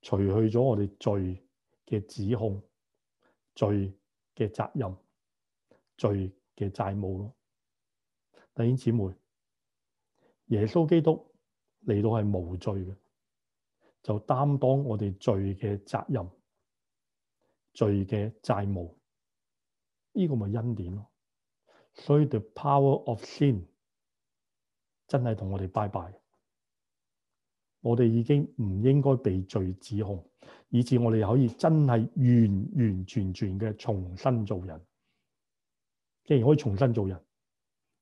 除去咗我哋罪嘅指控、罪嘅責任、罪嘅債務咯。弟兄姊妹，耶穌基督嚟到係無罪嘅，就擔當我哋罪嘅責任、罪嘅債務。呢個咪恩典咯。所以 the power of sin 真係同我哋拜拜。我哋已經唔應該被罪指控，以至我哋可以真係完完全全嘅重新做人。既然可以重新做人，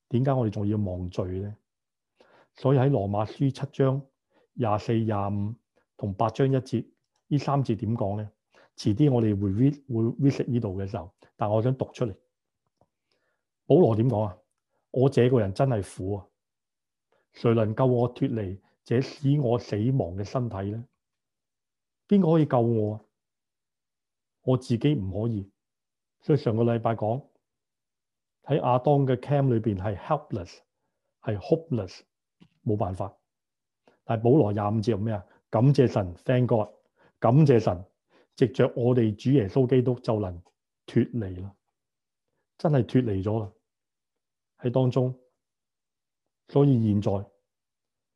點解我哋仲要忘罪咧？所以喺羅馬書七章廿四、廿五同八章一節呢三節呢點講咧？遲啲我哋會 read 會 read 呢度嘅時候，但我想讀出嚟。保羅點講啊？我這個人真係苦啊！誰能救我脱離？這使我死亡嘅身體咧，邊個可以救我啊？我自己唔可以，所以上個禮拜講喺亞當嘅 camp 裏邊係 helpless，係 hopeless，冇辦法。但係保羅廿五節又咩啊？感謝神，thank God，感謝神，藉着我哋主耶穌基督就能脫離啦，真係脫離咗啦喺當中。所以現在。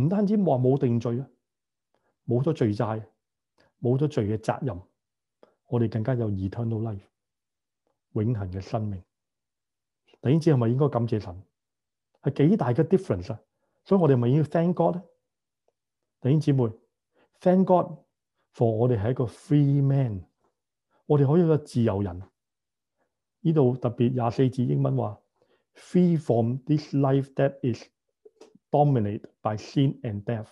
唔單止話冇定罪啊，冇咗罪債，冇咗罪嘅責任，我哋更加有 eternal life，永恆嘅生命。弟兄姐妹係咪應該感謝神？係幾大嘅 difference 啊！所以我哋咪應該 thank God 咧。弟兄姐妹，thank God for 我哋係一個 free man，我哋可以一個自由人。呢度特別廿四字英文話，free from this life that is。Dominate by sin and death。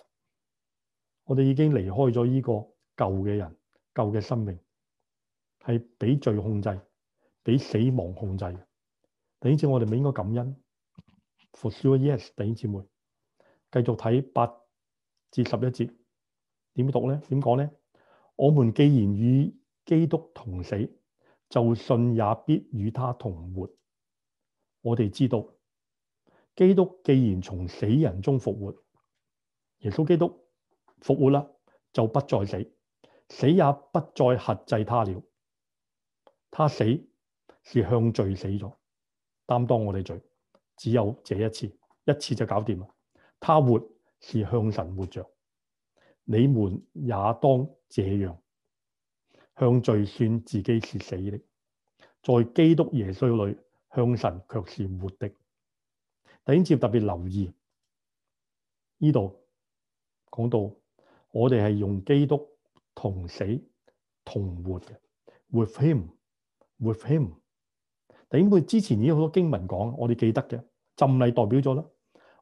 我哋已經離開咗呢個舊嘅人、舊嘅生命，是被罪控制，被死亡控制的。因此，我哋咪應該感恩。For sure yes，弟兄姊妹，繼續睇八至十一節，點讀咧？點講咧？我們既然與基督同死，就信也必與他同活。我哋知道。基督既然從死人中復活，耶穌基督復活啦，就不再死，死也不再轄制他了。他死，是向罪死咗，擔當我哋罪，只有這一次，一次就搞掂啦。他活，是向神活着，你們也當這樣。向罪算自己是死的，在基督耶穌裏，向神卻是活的。一節特別留意呢度講到我哋係用基督同死同活嘅，with him，with him。頂佢之前已經好多經文講，我哋記得嘅浸禮代表咗呢：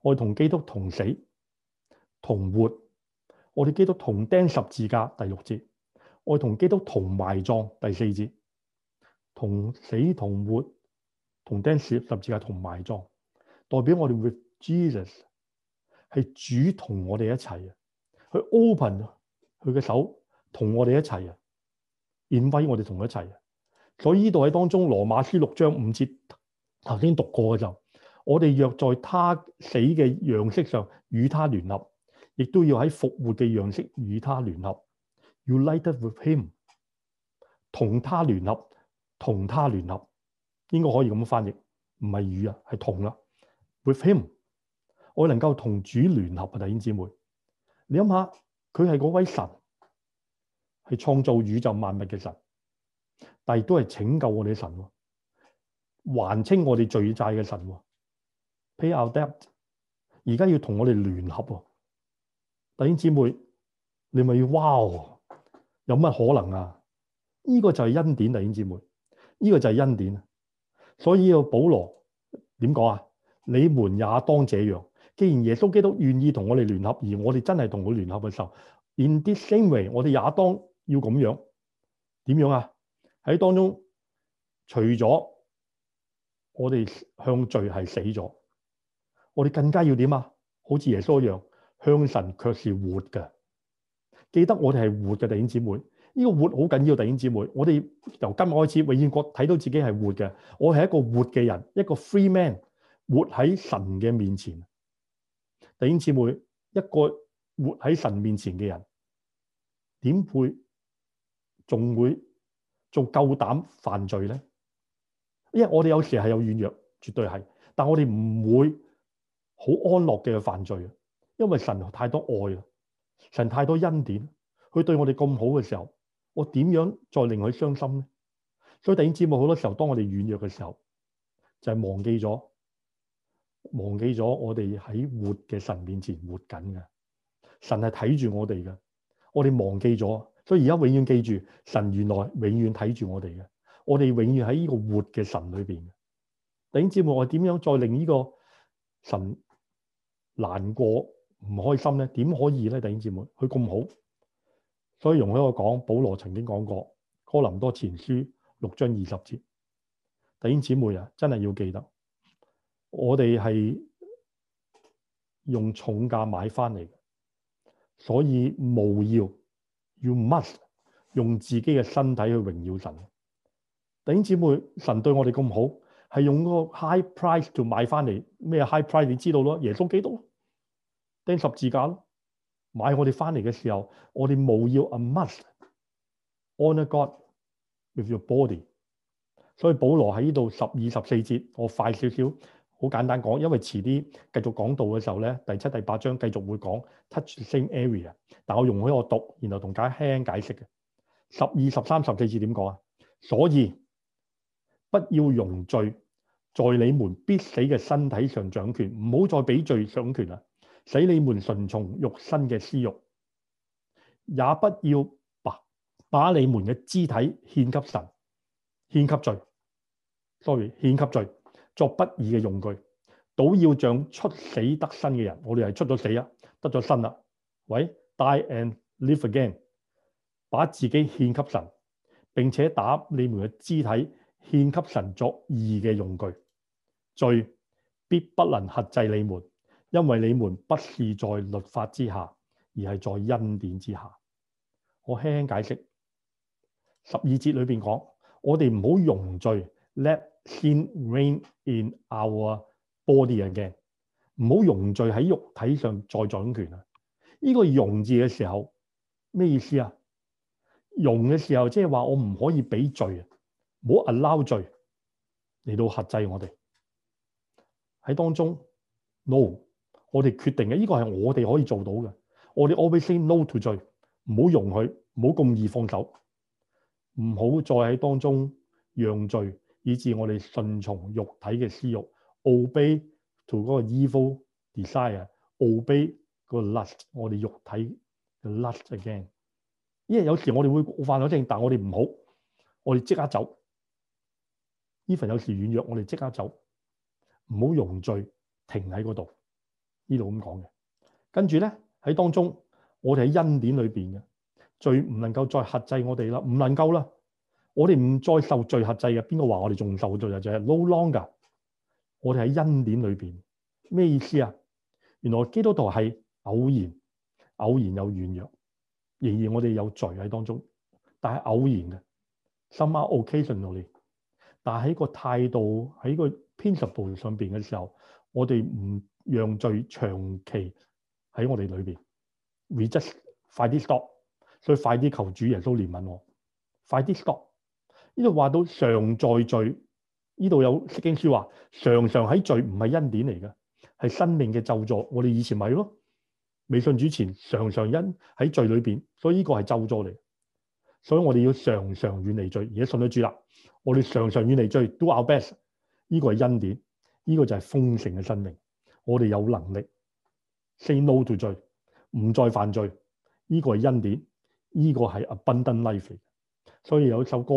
我哋同基督同死同活，我哋基督同釘十字架第六節，我哋同基督同埋葬第四節，同死同活，同釘十字架,十字架同埋葬。代表我哋 with Jesus 係主同我哋一齊啊，佢 open 佢嘅手同我哋一齊啊，顯威我哋同佢一齊啊。所以呢度喺當中，羅馬書六章五節頭先讀過嘅時候，我哋若在他死嘅樣式上與他聯合，亦都要喺復活嘅樣式與他聯合，要 light up with him，同他聯合，同他聯合，應該可以咁樣翻譯，唔係與啊，係同啦。with him，我能夠同主聯合嘅弟兄姐妹，你諗下佢係嗰位神，係創造宇宙萬物嘅神，但係都係拯救我哋嘅神，還清我哋罪債嘅神，pay our debt。而家要同我哋聯合喎，弟兄姐妹，你咪要哇哦，有乜可能啊？呢個就係恩典，弟兄姐妹，呢個就係恩典。所以要保羅點講啊？你們也當這樣。既然耶穌基督願意同我哋聯合，而我哋真係同佢聯合嘅時候，in this same way，我哋也當要咁樣。點樣啊？喺當中，除咗我哋向罪係死咗，我哋更加要點啊？好似耶穌一樣，向神卻是活嘅。記得我哋係活嘅弟兄姊妹，呢、這個活好緊要，弟兄姊妹。我哋由今日開始，永遠國睇到自己係活嘅。我係一個活嘅人，一個 free man。活喺神嘅面前，弟兄姊妹，一個活喺神面前嘅人，點會仲會做夠膽犯罪咧？因為我哋有時係有軟弱，絕對係，但我哋唔會好安樂嘅犯罪，因為神太多愛啊，神太多恩典，佢對我哋咁好嘅時候，我點樣再令佢傷心咧？所以弟兄姊妹，好多時候當我哋軟弱嘅時候，就係忘記咗。忘記咗我哋喺活嘅神面前活緊嘅，神係睇住我哋嘅。我哋忘記咗，所以而家永遠記住，神原來永遠睇住我哋嘅。我哋永遠喺呢個活嘅神裏邊嘅。弟兄姐妹，我點樣再令呢個神難過唔開心咧？點可以咧？弟兄姐妹，佢咁好，所以容許我講，保羅曾經講過《哥林多前書》六章二十節。弟兄姊妹啊，真係要記得。我哋係用重價買翻嚟，所以無要要 must 用自己嘅身體去榮耀神。弟兄姊妹，神對我哋咁好，係用嗰個 high price 就買翻嚟。咩 high price 你知道咯？耶穌基督咯，釘十字架咯，買我哋翻嚟嘅時候，我哋無要 a must honor God with your body。所以保羅喺呢度十二十四節，我快少少。好簡單講，因為遲啲繼續講到嘅時候咧，第七、第八章繼續會講 touch same area。但我用開容許我讀，然後同大家輕輕解釋嘅十二、十三、十四字點講啊。所以不要容罪在你們必死嘅身體上掌權，唔好再俾罪上權啦，使你們順從肉身嘅私欲，也不要把把你們嘅肢體獻給神，獻給罪。sorry，獻給罪。作不義嘅用具，倒要像出死得生嘅人。我哋係出咗死啊，得咗生啦。喂，die and live again，把自己獻給神，並且打你們嘅肢體獻給神作義嘅用具。罪必不能轄制你們，因為你們不是在律法之下，而係在恩典之下。我輕輕解釋，十二節裏邊講，我哋唔好容罪。Let sin reign in our body again，唔好容罪喺肉體上再掌權。這個容字嘅時候，咩意思啊？容嘅時候，即係話我唔可以俾罪，唔好 allow 罪嚟到轄制我哋喺當中。No，我哋決定嘅呢個係我哋可以做到嘅。我哋 always say no to 罪，唔好容許，唔好咁易放手，唔好再喺當中讓罪。以致我哋順從肉體嘅私欲 obey to 嗰個 evil desire，obey 個 lust，我哋肉體嘅 lust again。因為有時我哋會犯咗罪，但我哋唔好，我哋即刻走。even 有時軟弱，我哋即刻走，唔好容罪停喺嗰度。呢度咁講嘅，跟住呢，喺當中，我哋喺恩典裏面嘅罪唔能夠再克制我哋啦，唔能夠啦。我哋唔再受罪轄制嘅，邊個話我哋仲受罪啊？就係 no longer，我哋喺恩典裏邊。咩意思啊？原來基督徒係偶然偶然有軟弱，仍然我哋有罪喺當中，但係偶然嘅 some are occasionally，但係喺個態度喺個 principle 上邊嘅時候，我哋唔讓罪長期喺我哋裏邊。reject 快啲 stop，所以快啲求主耶穌憐憫我，快啲 stop。呢度話到常在罪，呢度有《説經書》話常常喺罪，唔係恩典嚟嘅，係生命嘅咒助。我哋以前咪咯，未信主前常常因喺罪裏邊，所以呢個係咒助嚟。所以我哋要常常遠離罪，而家信得住啦，我哋常常遠離罪，do our best，呢個係恩典，呢、這個就係豐盛嘅生命。我哋有能力 say no to 罪，唔再犯罪，呢、這個係恩典，呢、這個係 abundant life。所以有一首歌。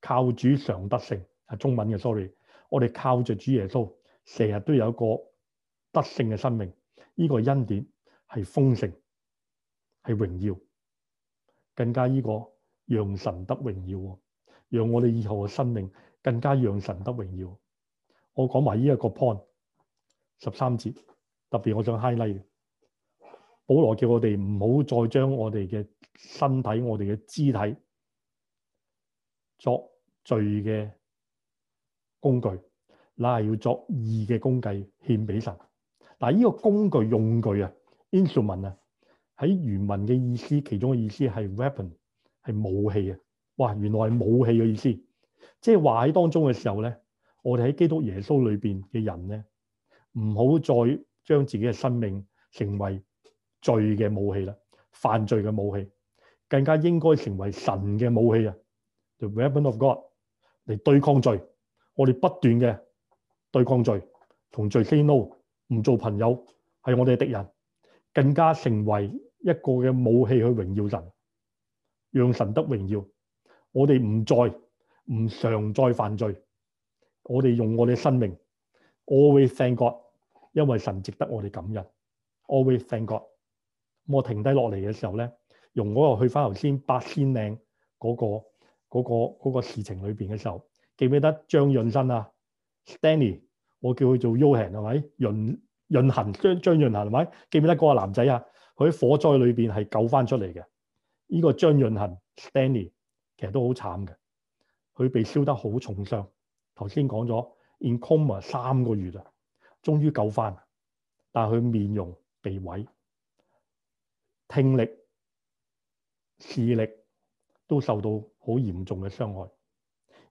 靠主常得勝係中文嘅，sorry。我哋靠住主耶穌，成日都有一個得勝嘅生命。呢、這個恩典係豐盛，係榮耀，更加呢、這個讓神得榮耀，讓我哋以後嘅生命更加讓神得榮耀。我講埋呢一個 point，十三節特別我想 highlight。保羅叫我哋唔好再將我哋嘅身體、我哋嘅肢體作。罪嘅工具，嗱係要作義嘅工具獻俾神。嗱，呢個工具用具啊 instrument 啊，喺原文嘅意思，其中嘅意思係 weapon，係武器啊。哇，原來係武器嘅意思。即係話喺當中嘅時候咧，我哋喺基督耶穌裏邊嘅人咧，唔好再將自己嘅生命成為罪嘅武器啦，犯罪嘅武器，更加應該成為神嘅武器啊，就 weapon of God。嚟對抗罪，我哋不斷嘅對抗罪，同罪 say no，唔做朋友，係我哋嘅敵人，更加成為一個嘅武器去榮耀神，讓神得榮耀。我哋唔再唔常再犯罪，我哋用我哋嘅生命，Always thank God，因為神值得我哋感恩。Always thank God。我停低落嚟嘅時候咧，用嗰個去翻頭先八仙嶺嗰個。嗰個嗰個事情裏邊嘅時候，記唔記得張潤生啊？Stanley，我叫佢做 Yohan 係咪？潤潤行張張潤行係咪？記唔記得嗰個男仔啊？佢喺火災裏邊係救翻出嚟嘅。呢個張潤行 Stanley 其實都好慘嘅，佢被燒得好重傷。頭先講咗 in coma 三個月啊，終於救翻，但係佢面容被毀，聽力、視力、都受到好嚴重嘅傷害。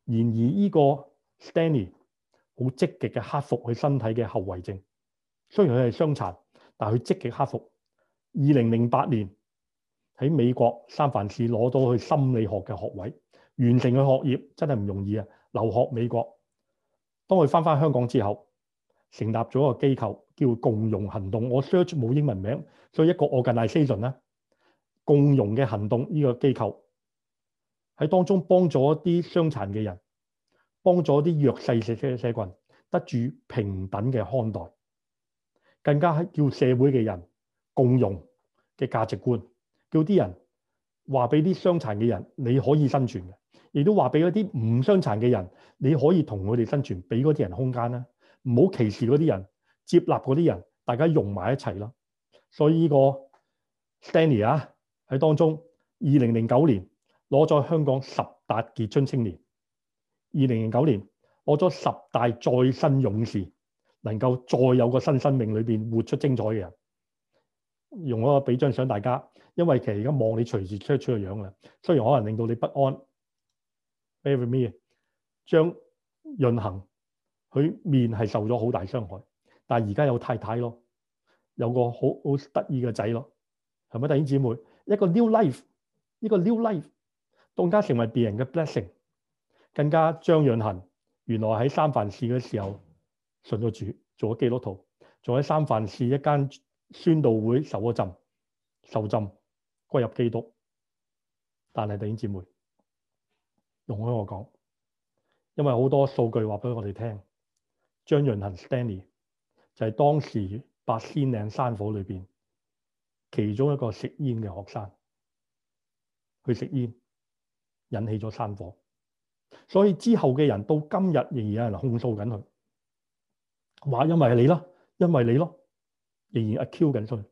然而呢個 Stanley 好積極嘅克服佢身體嘅後遺症。雖然佢係傷殘，但係佢積極克服。二零零八年喺美國三藩市攞到佢心理學嘅學位，完成佢學業真係唔容易啊！留學美國，當佢翻返香港之後，成立咗一個機構叫共融行動。我 search 冇英文名，所以一個我 organization 啦。共融嘅行動呢個機構。喺當中幫咗一啲傷殘嘅人，幫咗啲弱勢社社羣得住平等嘅看待，更加係叫社會嘅人共融嘅價值觀，叫啲人話俾啲傷殘嘅人你可以生存嘅，亦都話俾嗰啲唔傷殘嘅人你可以同佢哋生存，俾嗰啲人空間啦，唔好歧視嗰啲人，接納嗰啲人，大家融埋一齊咯。所以呢個 Stanley 啊喺當中二零零九年。攞咗香港十大傑出青年，二零零九年攞咗十大再生勇士，能夠再有個新生命裏面活出精彩嘅人。用我俾張相大家，因為其實而家望你隨時出出個樣啦，雖然可能令到你不安。Bear with me，張潤衡佢面係受咗好大傷害，但係而家有太太咯，有個好好得意嘅仔咯，係咪弟兄姊妹？一個 new life，一個 new life。更加成為別人嘅 blessing，更加張潤衡原來喺三藩市嘅時候信咗主，做咗基督徒，仲喺三藩市一間宣道會受咗浸，受浸歸入基督。但係弟兄姊妹容許我講，因為好多數據話俾我哋聽，張潤衡 Stanley 就係當時八仙嶺山火裏面，其中一個食煙嘅學生佢食煙。引起咗山火，所以之後嘅人到今日仍然有人控訴緊佢，話因為你咯，因為你咯，仍然 accuse 緊佢。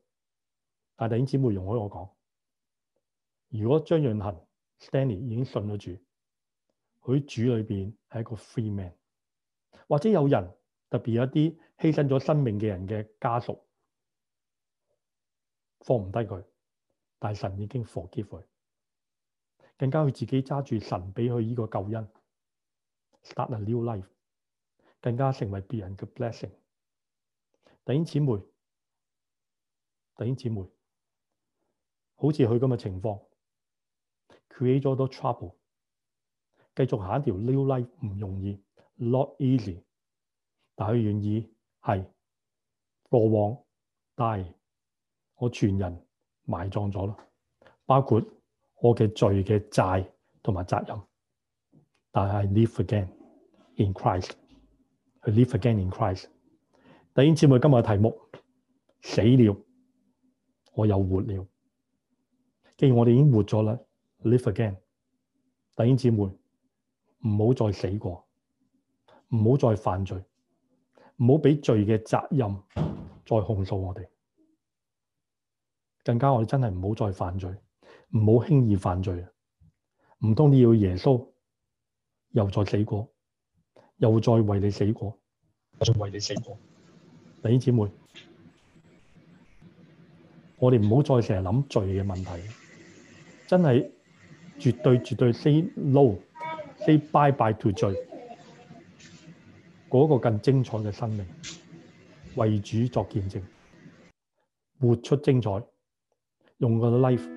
但弟兄姊妹容許我講，如果張潤恒 Stanley 已經信咗主，佢主裏邊係一個 free man，或者有人特別有一啲犧牲咗生命嘅人嘅家屬放唔低佢，但神已經 forgive 佢。更加要自己揸住神俾佢依個救恩，start a new life，更加成為別人嘅 blessing。弟兄姊妹，弟兄姊妹，好似佢咁嘅情況，create 咗好多 trouble，繼續下一條 new life 唔容易，not easy 但。但佢願意係過往，但係我全人埋葬咗咯，包括。我嘅罪嘅債同埋責任，但係 live again in Christ，去 live again in Christ。弟兄姐妹，今日嘅題目死了，我又活了。既然我哋已經活咗啦，live again。弟兄姐妹，唔好再死過，唔好再犯罪，唔好畀罪嘅責任再控訴我哋。更加我哋真係唔好再犯罪。唔好輕易犯罪，唔通你要耶穌又再死過，又再為你死過，再為你死過。弟兄姊妹，我哋唔好再成日諗罪嘅問題，真係絕對絕對 say no，say bye bye to 罪，嗰個更精彩嘅生命為主作見證，活出精彩，用個 life。